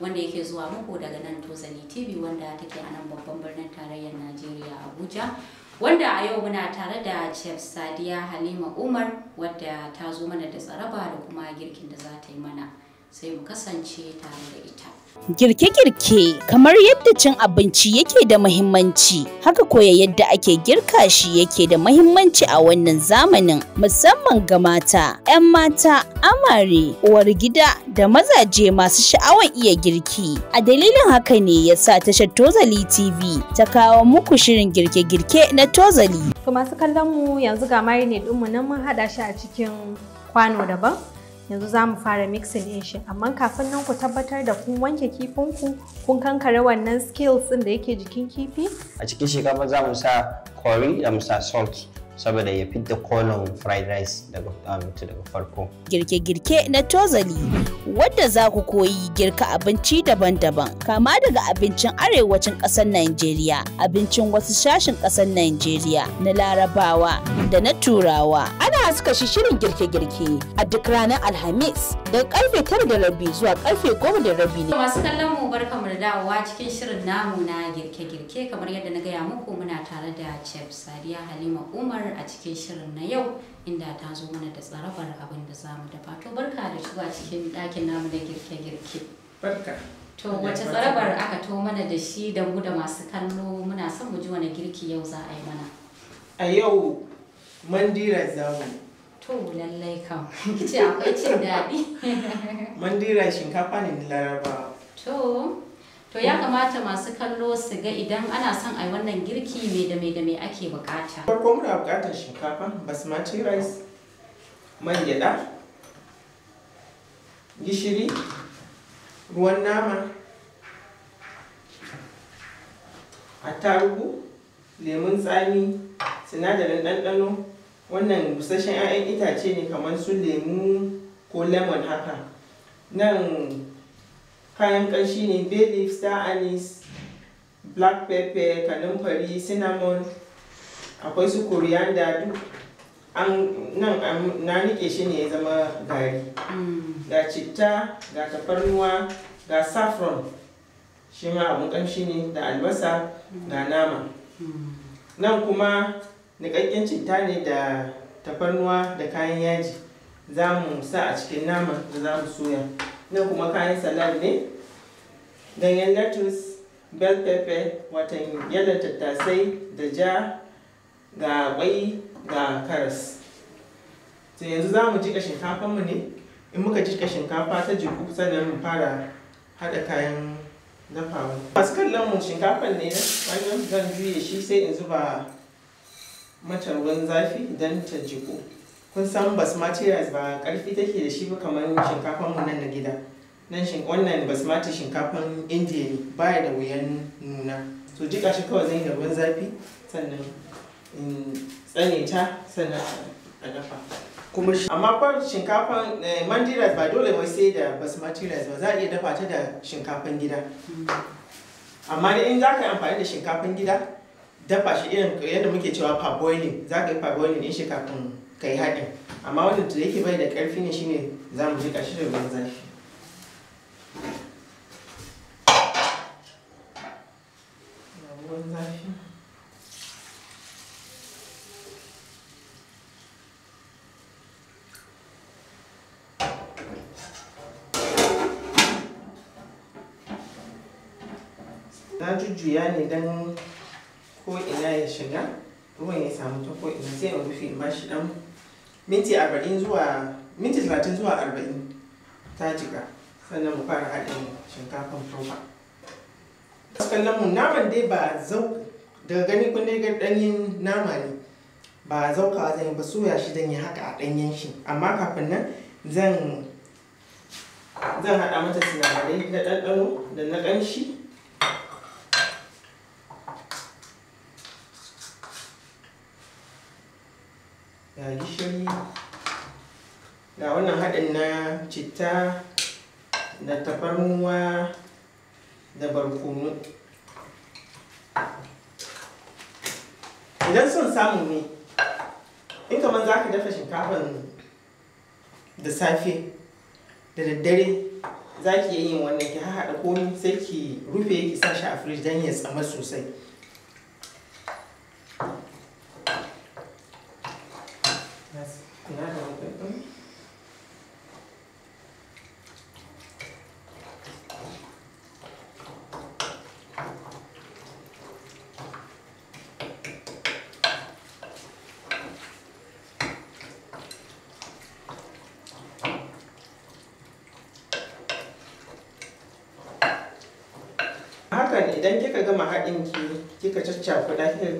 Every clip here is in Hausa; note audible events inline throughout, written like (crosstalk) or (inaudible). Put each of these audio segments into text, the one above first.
wanda yake zuwa muku daga nan tozali tv wanda take a nan babban birnin tarayyar najeriya abuja wanda a yau muna tare da chef sadiya halima umar wadda ta zo mana da tsaraba da kuma girkin da za ta yi mana sai mu kasance tare da ita. Girke-girke kamar yadda cin abinci yake da mahimmanci, haka koya yadda ake girka shi yake da mahimmanci a wannan zamanin musamman ga mata, 'yan mata, amare, uwar gida da mazaje masu sha'awar iya girki. A dalilin haka ne ya sa tashar Tozali TV ta kawo muku shirin girke-girke na Tozali. To masu kallon mu yanzu ga mai ne ɗinmu nan mun haɗa shi a cikin kwano daban. yanzu za mu fara mixing din shi amma kafin nan ku tabbatar da kun wanke kifin ku kun kankare wannan skills din da yake jikin kifi a cikin shinkafa za mu sa curry da mu sa salt saboda ya fidda kolon fried rice daga ah, mutu daga farko. Girke-girke na tozali wadda za ku koyi girka abinci daban-daban kama daga abincin arewacin ƙasar Najeriya, abincin wasu sashen ƙasar Najeriya na larabawa da na turawa. Ana suka shi shirin girke-girke a duk ranar Alhamis da karfe tara da rabi zuwa karfe goma da rabi ne. Masu kallon mu barkamu dawowa cikin shirin namu na girke-girke kamar yadda na gaya muku muna tare da Chef Sadiya Halima Umar a cikin shirin na yau inda ta zo mana da tsarabar abin da za mu dafa to barka da zuwa cikin ɗakin namu da girke-girke barka to wace tsarabar aka to mana da shi da mu da masu kallo muna son mu ji wani girki yau za a yi mana a yau mandira za mu to lallai kam ce akwai cin daɗi (laughs) mandira shinkafa ne na larabawa to to ya kamata masu kallo su ga idan ana son a wannan girki mai da mai da mai ake bukata farko muna bukatar shinkafa basmati rice man gyada gishiri ruwan nama attarugu lemun tsami sinadarin ɗanɗano wannan busasshen 'ya'yan itace ne kamar su lemu ko lemon haka nan kayan ƙanshi ne bay leaf star anise black pepper kanumfari cinnamon akwai su coriander duk an nan na nike shi ne ya zama gari mm. ga citta ga tafarnuwa ga saffron shi ma abun ƙamshi ne da albasa mm. ga nama mm. nan kuma niƙaƙƙen citta ne da tafarnuwa da kayan yaji za mu sa a cikin nama da za mu soya na kuma kayan salad ne ganyen lettuce bell pepper watan yadda tattasai da ja ga kwai ga karas to yanzu za mu jika shinkafanmu ne in muka jika shinkafa ta jiku sannan mu fara haɗa kayan dafawa masu kallon mu shinkafan ne na wannan zan juye shi sai in zuba mata ruwan zafi don ta jiku kun san basmati rice ba karfi take da shi ba kamar shinkafan mu nan na gida nan wannan basmati shinkafan indiya ne baya da wuyan nuna to jika shi kawai zai yi da ruwan zafi sannan in tsane ta sannan a dafa kuma shi amma fa shinkafan eh, mandi rice ba dole wai sai da basmati rice ba za a iya dafa ta da shinkafan gida amma in za ka yi amfani da shinkafan gida dafa shi irin yadda muke cewa parboiling za ka yi parboiling ɗin shi kafin kai haɗin amma wanda da yake bai da ƙarfi ne shine za mu jika shi da ruwan zafi na jujjuya ne don ko ina ya shiga ruwan ya samu ta ko ina sai in rufe in ɗan. dan minti talatin zuwa minti 30 zuwa 40 ta jika sannan mu fara haɗin shinkafan tofa kallon mu naman dai ba zau daga gani kun dai ga ɗanyen nama ne ba zaukawa zan yi ba soya shi zan yi haka a ɗanyen shi amma kafin nan zan zan haɗa mata sinadarai na ɗanɗano da na ƙanshi gishiri ga wannan haɗin na citta da tafarnuwa da barkono idan son samu ne in kamar za ka dafa shinkafan da safe da daddare za ki yi yin wannan ki haɗa komi sai ki rufe ki sa shi a firij don ya tsama sosai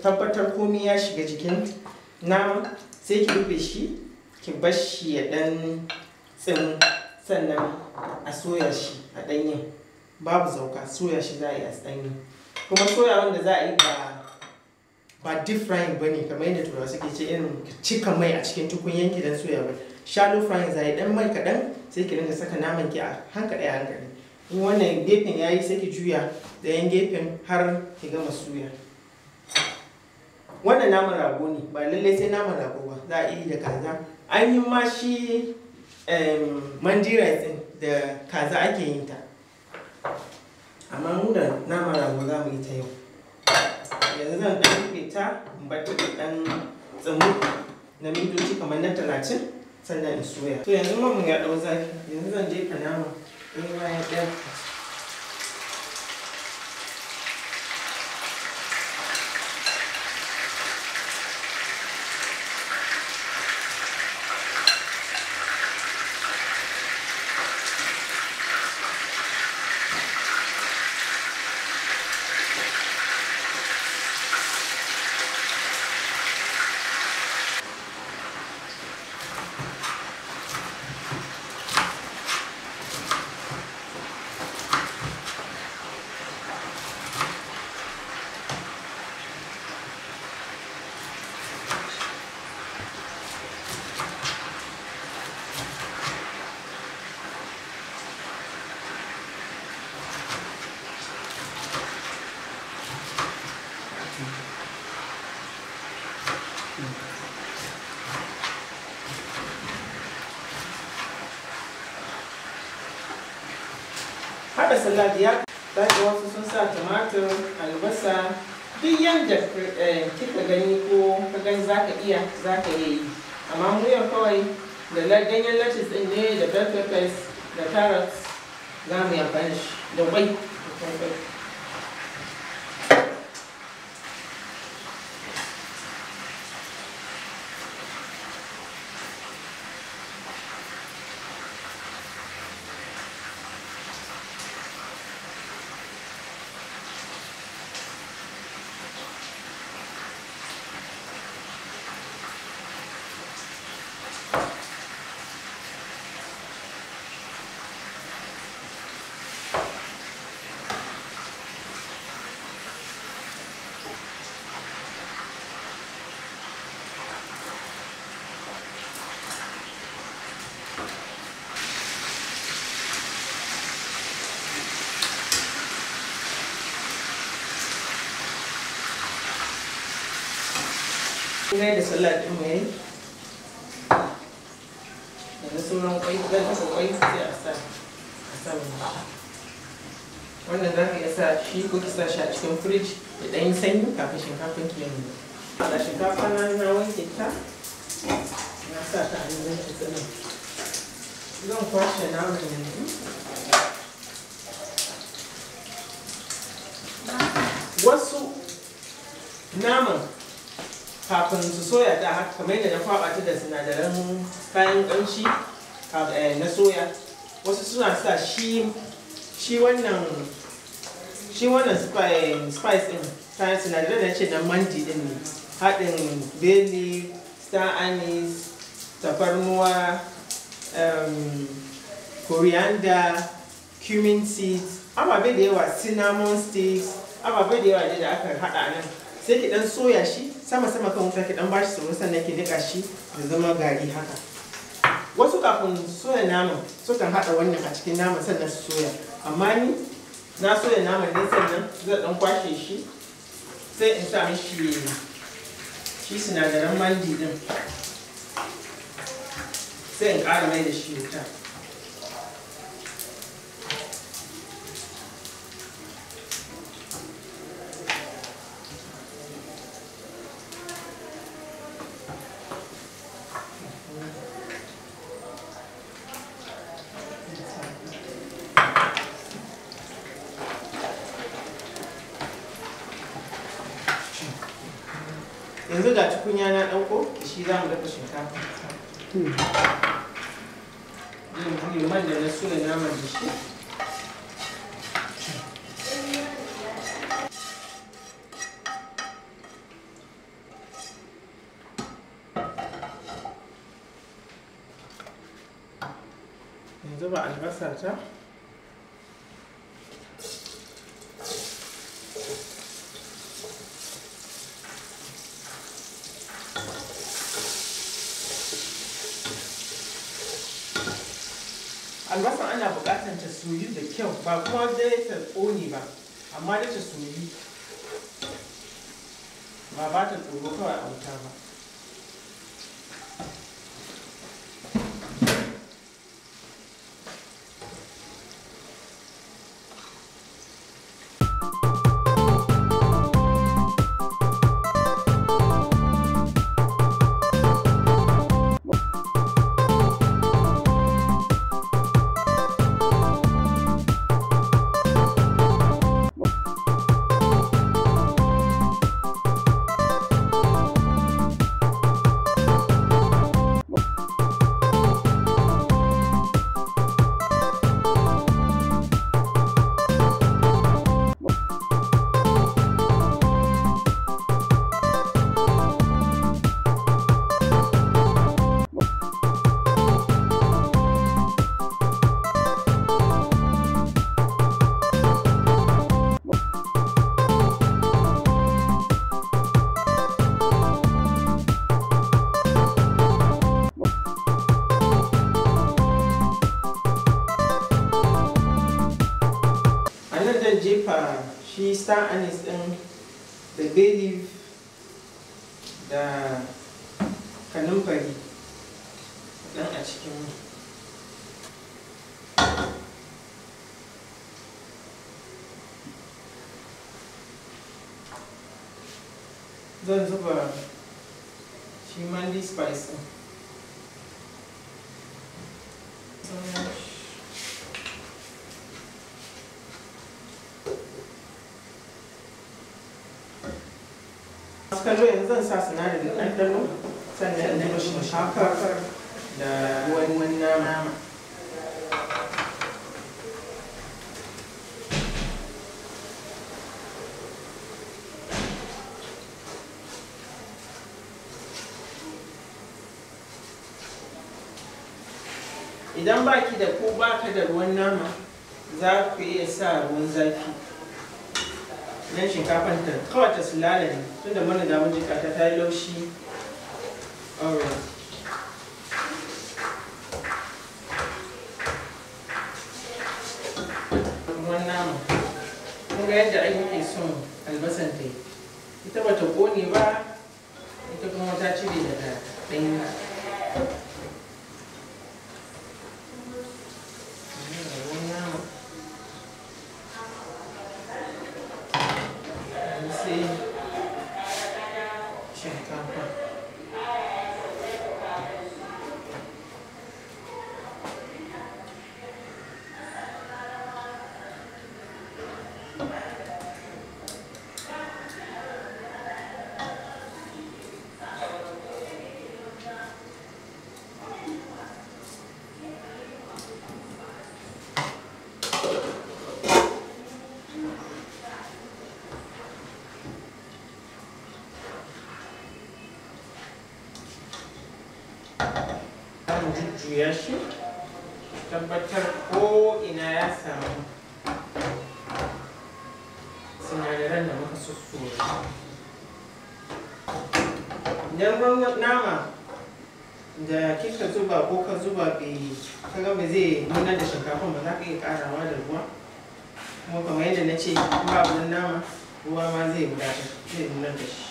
tabbatar komai ya shiga cikin nama sai ki rufe shi ki bar shi ya dan tsin sannan a soya shi a danyen babu zauka soya shi za a yi a ɗanyen kuma soya wanda za a yi ba ba deep frying ba ne kamar yadda turawa suke ce irin cika mai a cikin tukunyen ki dan soya ba shallow frying za a yi dan mai kaɗan sai ki dinga saka naman ki a hankali a hankali in wannan gefen ya yi sai ki juya da yan gefen har ki gama suya wannan naman rago ne ba lallai sai naman rago ba za a yi da kaza an yi ma shi manjira da kaza ake yi ta amma mu da naman rago za mu yi ta yau yanzu zan ɗan rufe ta in bar ta ɗan tsamu na mintoci kamar na talatin sannan in soya to yanzu mamun ya dau zafi yanzu zan jefa nama in ma ya ɗaya salad ya zaki wasu sun sa tumatir albasa duk yadda eh, kika gani ko ka gani za ka iya za ka yi amma mu kawai da ganyen lettuce din ne da bell peppers da carrots za mu yi amfani da kwai வேறு சொல்லட்டுமே yanzu sauran kwai zan kasa kwai sai a sa a sa wannan za ka iya sa shi ko ki sa shi a cikin firij ya ɗan yi sanyi kafin shinkafin ki yanzu ana shinkafa na na wanke ta na sa ta a não ta tsanin zan o naman yanzu wasu naman kafin su soya ta haka kamar yadda na kwaba ta da sinadaran kayan ƙanshi eh, na soya wasu suna sa shi shi wannan shi wannan eh, spice din ta sinadaran da ce na manti din ne haɗin beli star anise tafarnuwa coriander cumin seeds ababe da yawa cinnamon sticks ababe da yawa da aka haɗa nan sai ki dan soya shi sama sama kan wuta ki dan bashi tsoro sannan ki nika shi da zama gari haka wasu kafin soya naman sukan haɗa wannan a cikin naman sannan su soya amma ni na soya naman ne sannan zan dan kwashe shi sai in sa mishi shi sinadaran mandi din sai in ƙara mai da shi wuta yanzu ga tukunya yana ɗauko shi za mu dafa shinkafa yin buɗe man da na suna naman da shi yanzu ba albasa ta soyu da kyau ba kuma dai ta ƙone ba amma da ta soyu ba ba ta tsoro kawai a wuta ba star anise din da bay leaf da kanumfari dan a cikin zan zuba shi mandi sa sinadarin ɗanɗano sannan na mashi da ruwan nama idan baki da ko baka da ruwan nama za ku iya sa ruwan zafi nan shinkafanta ta kawai ta sulala ne tun da mana damun jika ta ta yi laushi ruwan nama kun ga yadda ake son albasan ta yi ita bata kone ba ita kuma ta cire daga ɗanyen jujjuya shi tabbatar ko ina ya samu sinadaran da muka sussoya idan ruwan nama da kika zuba ko ka zuba bai kaga ba zai nuna da shinkafin ba za ka iya karawa da ruwa kuma kamar yadda na ce babu nama ruwa ma zai wadatar zai nuna da shi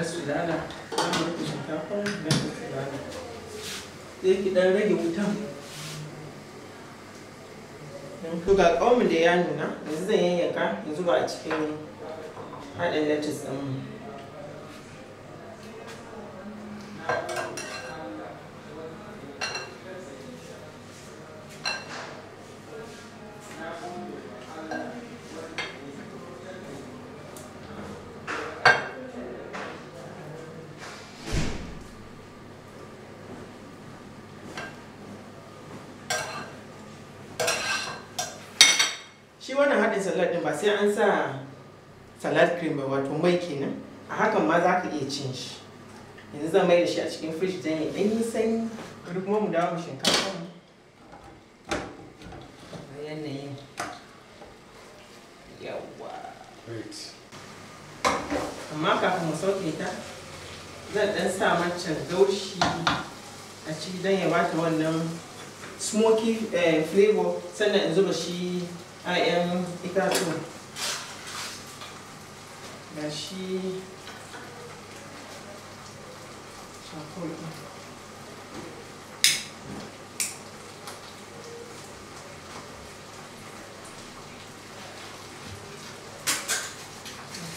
shiga su ilala za mu rufe shinkafar da su sai ki dan rage wutan to ga da ya nuna yanzu zan yayyanka yanzu ba a cikin haɗin lettuce ɗin mu salad din ba sai an sa salad cream ba wato mai kenan a hakan ma za ka iya cin shi yanzu zan mai da shi a cikin fridge don ya ɗanyi sanyi bari kuma mu dawo shinkafa mu yanayin yawa amma kafin mu sauke ta zan ɗan sa macen gaushi a ciki don ya bata wannan smoky eh, flavor sannan in zuba shi ayan itatu ga shi charcoal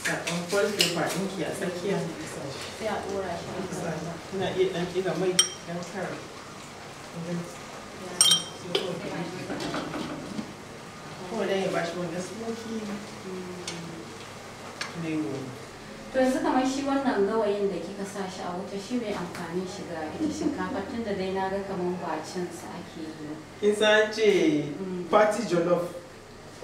sakon kwalfefa ɗinki a tsakiya sai a ɗora shi na iya ɗan ƙiga mai don kara ba shi to yanzu kamar shi wannan gawayin da kika sa shi a wuta shi mai amfani shi ga ita shinkafa tun da dai na ga kamar bacin sa ake yi kin san ce mm. party jollof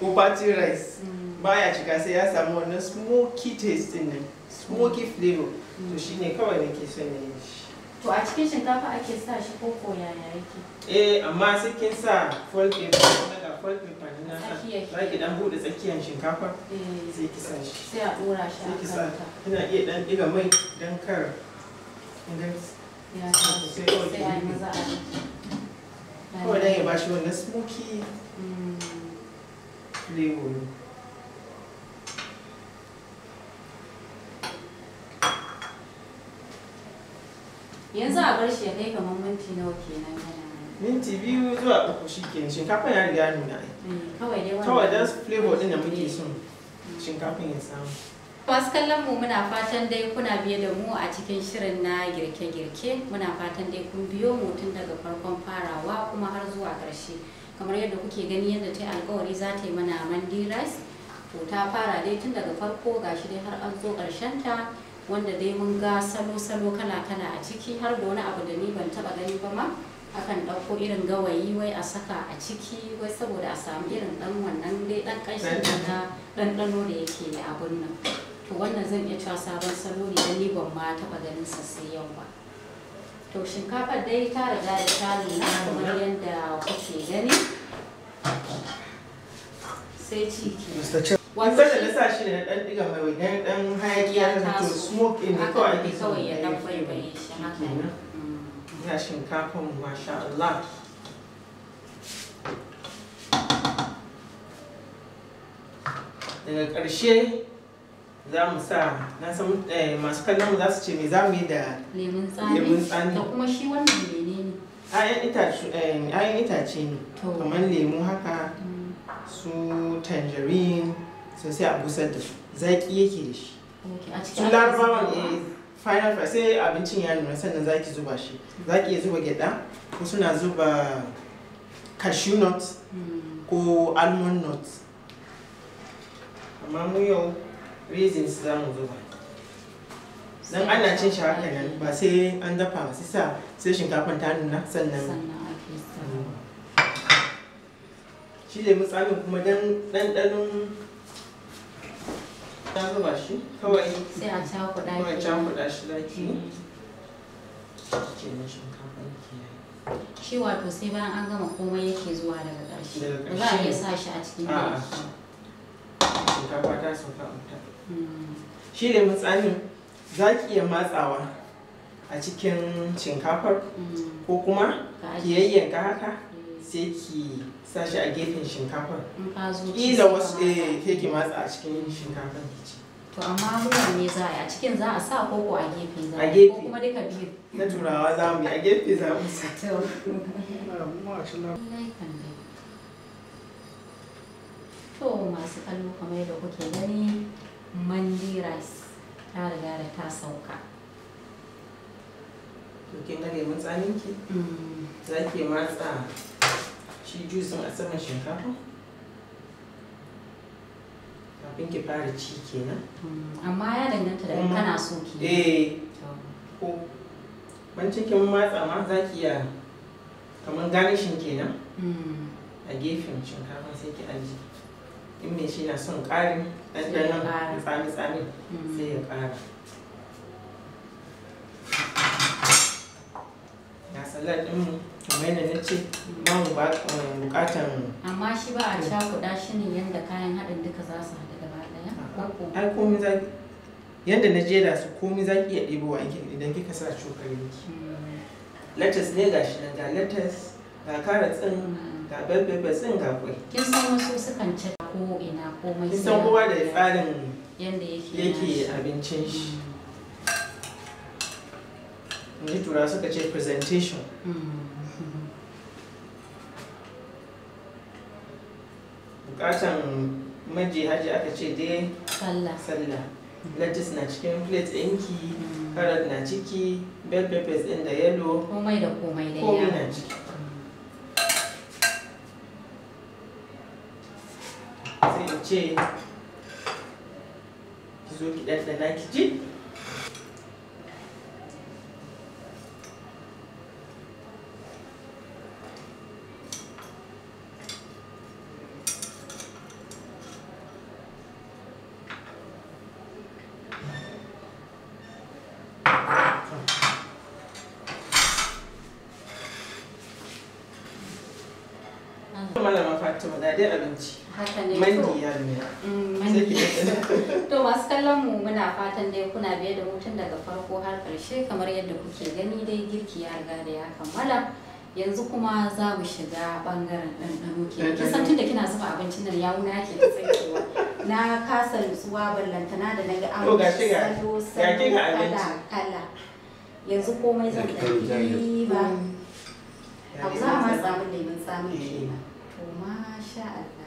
ko party rice mm. baya cika sai ya samu wannan smoky taste din smoky mm. flavor to shine kawai nake son yin shi to a cikin shinkafa ake sa shi ko ko yaya yake eh amma sai kin sa full paper kuma ga full paper din nan za ki dan bude tsakiyar shinkafa eh. sai ki sa shi sai a dora shi sai ki sa kina iya dan diga mai dan kar kin ga ya sai sai ai maza a ko dan ya bashi wannan smoky hmm. flavor yanzu a bar shi ya kai kamar minti nawa kenan minti biyu zuwa uku shi ke shinkafa ya riga nuna eh, kawai da flavor din da muke son shinkafin ya samu masu kallon mu muna fatan dai kuna biye da mu a cikin shirin na girke-girke muna fatan dai kun biyo mu tun daga farkon farawa kuma har zuwa ƙarshe kamar yadda kuke gani yadda ta alkawari za ta yi mana mandi rice to ta fara dai tun daga farko gashi dai har an zo ƙarshen ta wanda dai mun ga salo-salo kala-kala a ciki har da wani abu da ni ban taba gani ba ma akan ɗauko irin gawayi wai a saka a ciki wai saboda a samu irin ɗan wannan dai ɗan ƙanshin da na ɗanɗano da yake a abun nan to wannan zan iya cewa sabon salo ne dan ni ban ma taba ganin sa sai yau ba to shinkafar dai ta riga da ta nuna kamar yadda kuke gani sai ciki wato shi da sa shi da dan diga mai wajen dan hayaki ya to smoke in the kawai ake so ya dan baibaye shi haka ne ya mm. mu masha Allah daga ƙarshe za mu sa na san eh, masu kallon mu za su ce me za mu yi da lemun tsami da kuma shi wannan menene ayan itace eh, ayan itace ne kamar lemu haka mm. su tangerine sai a busar da su zaki yake da shi su larabawa eh, final fry sai abincin ya nuna sannan zaki zuba shi zaki ya zuba gyada ko suna zuba cashew nut hmm. ko almond nut amma mu yau raisins za mu zuba dan ana cin shi haka nan ba sai an dafa ba sai sa sai shinkafan ta nuna sannan hmm. shi lemun tsamin kuma dan ɗanɗanon ta zuba shi kawai sai a cakuɗa shi kawai cakuɗa shi zaki mm. kenan shinkafa yake yi shi wato sai bayan an gama komai yake zuwa daga ƙarshe ba za a iya sa shi a cikin a'a shinkafa ta sauka wuta mm. shi ne matsalin za ki iya matsawa a cikin shinkafar mm. ko kuma ki yayyanka haka sai ki sashi a gefen shinkafa kila wasu eh keke ki matsa a cikin shinkafa ki ci to amma wuyan ne za a cikin za a sa koko a gefe za a gefe kuma duka biyu na turawa za mu yi a gefe za mu sa to to masu kallo kamar yadda kuke gani mandiras, ta riga da ta sauka to kin ga lemun ki za ki matsa shi jusin a saman shinkafa kafin ki fara ci kenan amma ya danganta da kana so ki eh ko bancin kin matsa ma za ki iya kamar garnishin kenan hmm. a gefen shinkafa sai ki aji in me shi na son ƙarin ɗanɗanon tsami-tsami hmm. sai ya ƙara salad din mu yadda na ce ba mu eh, bukatan amma shi ba a su haɗu gaba za yadda na jera su komai za ki iya ɗebo idan kika sa cokali? ki hmm. lettuce ne ga shi ga lettuce ga carrot din hmm. ga bell peppers din ga kwai kin san wasu sukan ce ko ina komai kin san kowa da tsarin yadda yake abincin shi hmm. ji tura suka ce presentation bukatan maji haji aka ce dai sallah lettuce na cikin plate ɗinki mm. carrot na ciki bell peppers ɗin da yellow komai da komai da komai na ciki sai in ce ki zo ki ɗanɗana ki ji to masu kallon mu muna fatan dai kuna biye da mutum daga farko har karshe kamar yadda kuke gani dai girki ya riga da ya kammala yanzu kuma za mu shiga bangaren ɗanɗano ke kisan tun da kina zuba abincin nan ya wuna ke na kasa nutsuwa ballantana da na ga an salo salo kala kala yanzu komai zan ɗauki ba abu za a matsa min kenan to masha Allah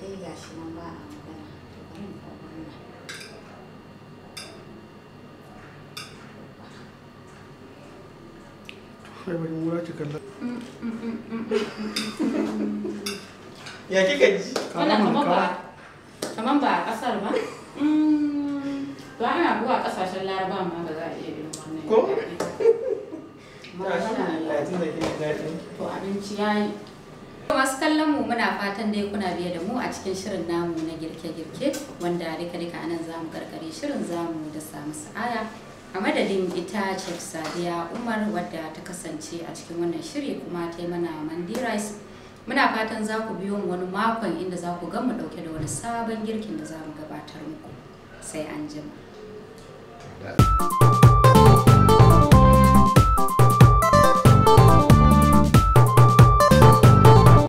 dai ga shi nan ba a magana to bari mu kawo wannan Ai bari mura kallon. Ya kika ji? ba kaman ba a ƙasar ba. To mm, ana buga kasashen Laraba ma ba za a iya irin wannan. Ko? Ma (laughs) shi na da ke To abinci ya yi. masu kallon mu muna fatan dai kuna biye da mu a cikin shirin namu na girke-girke wanda duka-duka anan za mu karkare shirin za mu da samu sa'ada a madadin ita chef sadiya umar wadda ta kasance a cikin wannan shiri kuma ta yi mana mandi rice muna fatan za ku biyo mu wani makon inda za ku mu dauke da wani sabon girkin da za mu gabatar muku sai an jima.